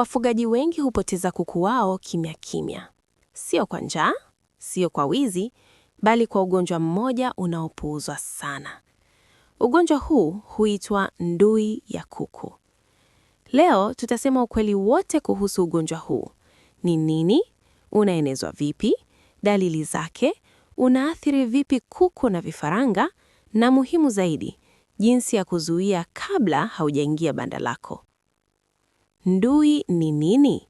Wafugaji wengi hupoteza kuku wao kimya kimya, sio kwa njaa, sio kwa wizi, bali kwa ugonjwa mmoja unaopuuzwa sana. Ugonjwa huu huitwa ndui ya kuku. Leo tutasema ukweli wote kuhusu ugonjwa huu: ni nini, unaenezwa vipi, dalili zake, unaathiri vipi kuku na vifaranga, na muhimu zaidi, jinsi ya kuzuia kabla haujaingia banda lako. Ndui ni nini?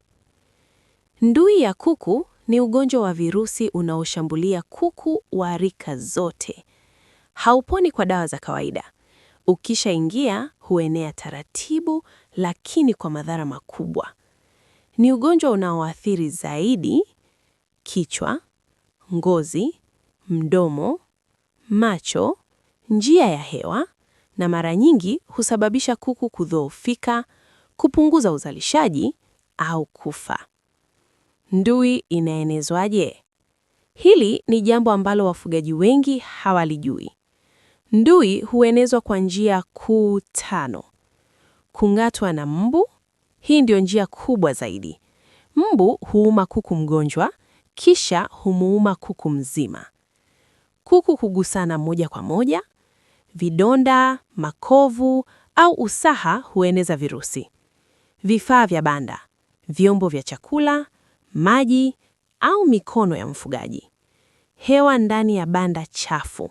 Ndui ya kuku ni ugonjwa wa virusi unaoshambulia kuku wa rika zote. Hauponi kwa dawa za kawaida. Ukishaingia huenea taratibu, lakini kwa madhara makubwa. Ni ugonjwa unaoathiri zaidi kichwa, ngozi, mdomo, macho, njia ya hewa na mara nyingi husababisha kuku kudhoofika kupunguza uzalishaji au kufa. Ndui inaenezwaje? Hili ni jambo ambalo wafugaji wengi hawalijui. Ndui huenezwa kwa njia kuu tano. Kung'atwa na mbu, hii ndio njia kubwa zaidi. Mbu huuma kuku mgonjwa, kisha humuuma kuku mzima. Kuku hugusana moja kwa moja. Vidonda, makovu au usaha hueneza virusi vifaa vya banda, vyombo vya chakula, maji au mikono ya mfugaji. Hewa ndani ya banda chafu.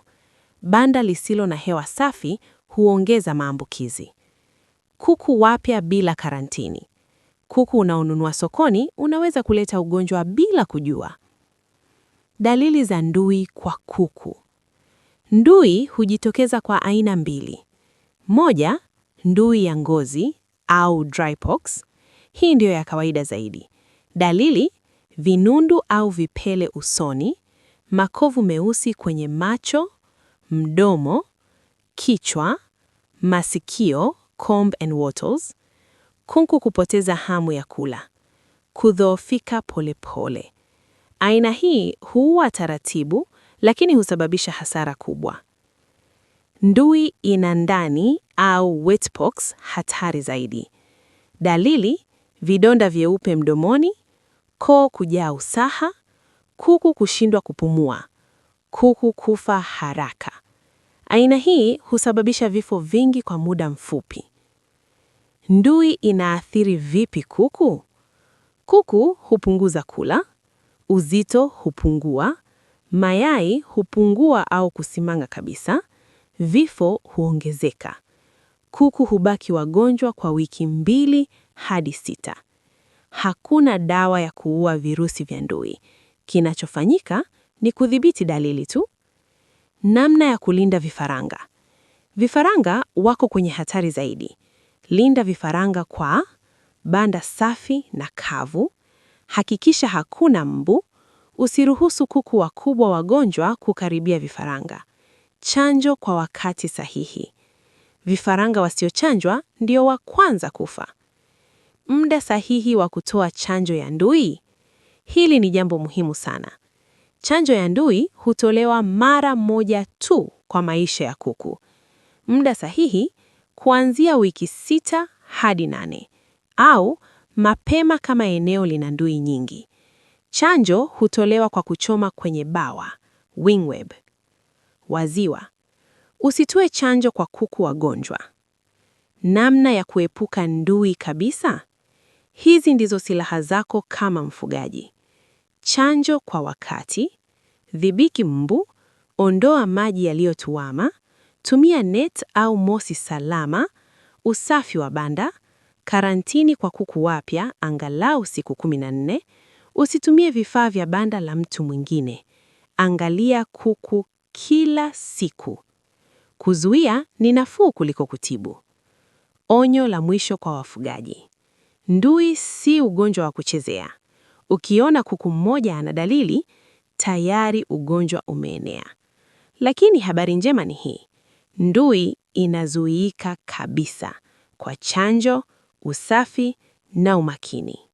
Banda lisilo na hewa safi huongeza maambukizi. Kuku wapya bila karantini. Kuku unaonunua sokoni unaweza kuleta ugonjwa bila kujua. Dalili za ndui kwa kuku. Ndui hujitokeza kwa aina mbili. Moja, ndui ya ngozi au dry pox. Hii ndiyo ya kawaida zaidi. Dalili: vinundu au vipele usoni, makovu meusi kwenye macho, mdomo, kichwa, masikio comb and wattles, kunku kupoteza hamu ya kula, kudhoofika polepole. Aina hii huua taratibu, lakini husababisha hasara kubwa. Ndui ina ndani au wetpox hatari zaidi. Dalili: vidonda vyeupe mdomoni, koo kujaa usaha, kuku kushindwa kupumua, kuku kufa haraka. Aina hii husababisha vifo vingi kwa muda mfupi. Ndui inaathiri vipi kuku? Kuku hupunguza kula, uzito hupungua, mayai hupungua au kusimanga kabisa, vifo huongezeka. Kuku hubaki wagonjwa kwa wiki mbili hadi sita. Hakuna dawa ya kuua virusi vya ndui. Kinachofanyika ni kudhibiti dalili tu. Namna ya kulinda vifaranga. Vifaranga wako kwenye hatari zaidi. Linda vifaranga kwa banda safi na kavu. Hakikisha hakuna mbu. Usiruhusu kuku wakubwa wagonjwa kukaribia vifaranga chanjo kwa wakati sahihi. Vifaranga wasiochanjwa ndio wa kwanza kufa. Muda sahihi wa kutoa chanjo ya ndui, hili ni jambo muhimu sana. Chanjo ya ndui hutolewa mara moja tu kwa maisha ya kuku. Muda sahihi kuanzia wiki sita hadi nane au mapema kama eneo lina ndui nyingi. Chanjo hutolewa kwa kuchoma kwenye bawa wingweb waziwa usitue Usitoe chanjo kwa kuku wagonjwa. Namna ya kuepuka ndui kabisa. Hizi ndizo silaha zako kama mfugaji: chanjo kwa wakati, dhibiki mbu, ondoa maji yaliyotuama, tumia net au mosi salama, usafi wa banda, karantini kwa kuku wapya angalau siku 14, usitumie vifaa vya banda la mtu mwingine. Angalia kuku kila siku. Kuzuia ni nafuu kuliko kutibu. Onyo la mwisho kwa wafugaji: ndui si ugonjwa wa kuchezea. Ukiona kuku mmoja ana dalili, tayari ugonjwa umeenea. Lakini habari njema ni hii: ndui inazuiika kabisa kwa chanjo, usafi na umakini.